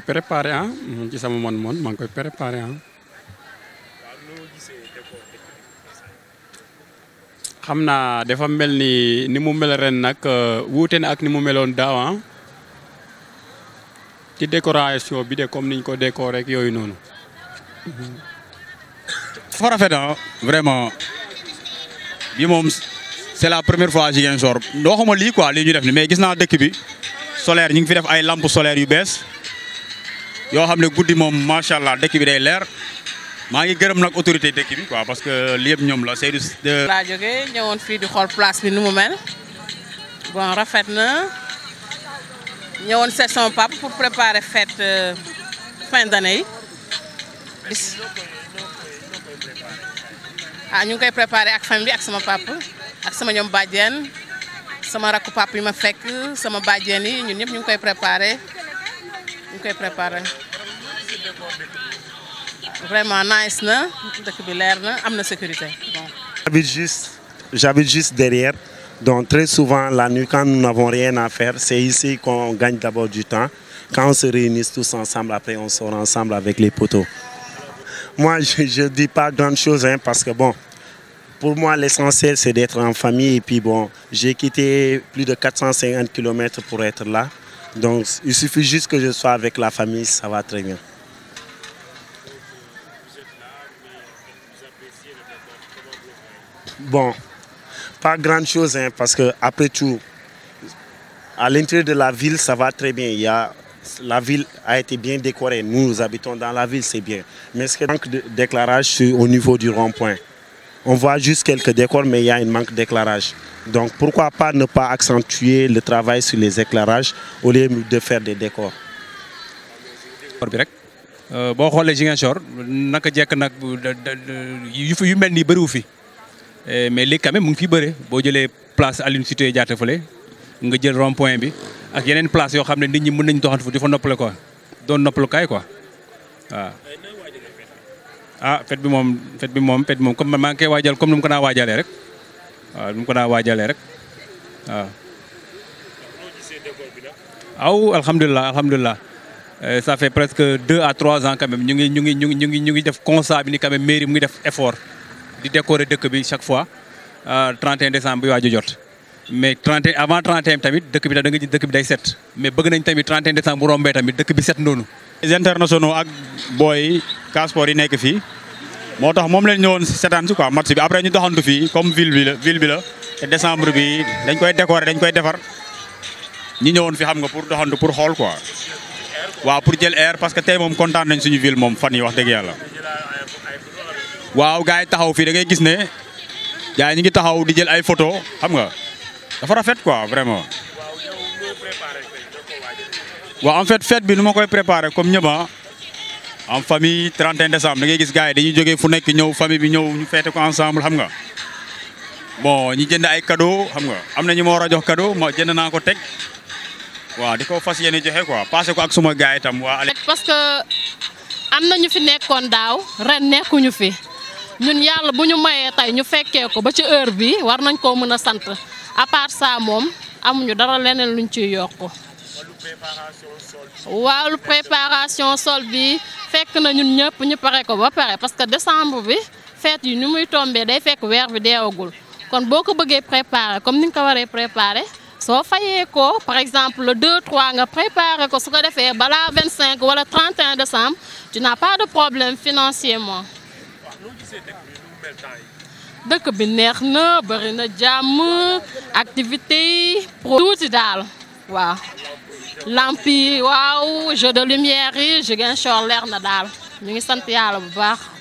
koy préparé ah man mhm, ci sama moon moon maa ngi koy préparé ah. xam naa dafa mel ni ni mu mel ren nag euh, wuute na ak ni mu meloon daaw ah. ci décoration bi de comme niñ ko décoré rek yooyu noonu. Mhm. dafa rafet ah vraiment bi moom c'est la première fois Ziguinchor doo xama lii quoi lii ñu def ni mais gis naa dëkk bi solaire ñu fi def ay lampes solaires yu bees. yo xamne goudi mom ma sha allah dekk bi day leer ma ngi gërem nak autorité dekk bi quoi parce que li yëpp ñoom la Seydou. la jógee ñëwoon fi di xol place bi nu mu mel bon rafet na ñëwoon seet sama papa pour préparer fête euh, fin d'année bis ah ñu koy préparer ak fam bi ak sama papa ak sama ñom bàjjen sama rakku papa yi ma fekk sama bàjjen yi ñun ñëpp ñu koy préparer ñu ngi koy préparer. vraiment nice non? sécurité j'habite juste juste derrière donc très souvent la nuit quand nous n'avons rien à faire c'est ici qu'on gagne d'abord du temps quand on se réunit tous ensemble après on sort ensemble avec les poteaux. Moi je ne dis pas grand chose hein, parce que bon pour moi l'essentiel c'est d'être en famille et puis bon j'ai quitté plus de 450 km pour être là donc il suffit juste que je sois avec la famille ça va très bien. Bon, pas grand chose, hein, parce que après tout, à l'intérieur de la ville, ça va très bien. Il y la ville a été bien décorée. Nous, nous habitons dans la ville, c'est bien. Mais ce qui manque d'éclairage, c'est au niveau du rond-point. On voit juste quelques décors, mais il y a un manque d'éclairage. Donc pourquoi pas ne pas accentuer le travail sur les éclairages au lieu de faire des décors Euh, boo xoolee Ziguinchor naka jekk nag yu fi yu mel nii bariwu fi eh, mais léegi quand même mu ngi fi bëre boo jëlee place Aline Sitoé Diatta fële nga jël rond point bi ak yeneen place yoo xam ne nit ñi mën nañu doxantu fa di fa noppale quoi doon noppalukaay quoi waaw. ah fête bi moom fête bi moom fête bi moom comme maa ngi koy waajal comme ni mu ko naa waajalee rek waaw ni mu ko naa waajalee rek waaw. aw alhamdulilah alhamdulilah. Euh, ça fait presque deux à trois ans quand même ñu ngi ñu ngi ñu ngi ñu ngi ñu ngi def constat bi ni quand même mairie mu ngi def effort di décorer dëkk bi chaque fois 31 euh, décembre bi waaj a jot. mais 31 avant 31 tamit dëkk bi da nga dëkk bi day set mais bëgg nañ tamit 31 décembre bu rombee tamit dëkk bi set noonu. les internationaux ak booy yi nekk fii moo tax moom lañ ñëwoon setaan si quoi match bi après fii comme ville bi bi la te bi dañ koy décorer dañ koy defar ñu ñëwoon fi xam nga pour doxantu pour xool quoi. waaw pour jël air parce que tay mom kontaan nañ suñu ville mom fan yi wax deug yalla waaw gars taxaw fi da ngay gis ne gaay ñi ngi taxaw di jël ay photo xam nga dafa rafet quoi vraiment. wa en fait fête bi nu ma koy préparé comme ñeba ah, en famille 31 décembre da ngay gis gaay dañuy joggé fu nekk ñew famille bi ñew ñu feete ko ensemble xam nga. bon ñi jënd ay cadeau xam nga am ñi mo wara jox cadeau ma jënd na ko tek waaw di ko fas yéene joxe quoi passé ko ak suma gars itam waa. parce que am na ñu fi nekkoon daaw ren nekkuñu fi ñun yàlla bu ñu mayee tey ñu fekkee ko ba ci heure bi war nañ koo mën a sant à part ça moom amuñu dara leneen luñ ciy yokk. wàllu préparation sol bi fekk na ñun ñëpp ñu pare ko ba pare parce que décembre bi fête yi ñu muy tombee day fekk weer bi deewagul kon boo ko bëggee préparer comme ni nga ko waree préparer. soo fayee par exemple le 2 3 nga préparé ko su ko defee balaa 25 wala 31 décembre tu n'as pas de problème financièrement. dëkk bi neex na bëri na jàmm activité yi pro tuuti daal waaw. lamp yi waaw jeu de lumière yi Ziguinchor leer na daal ñu ngi sant yàlla bu baax.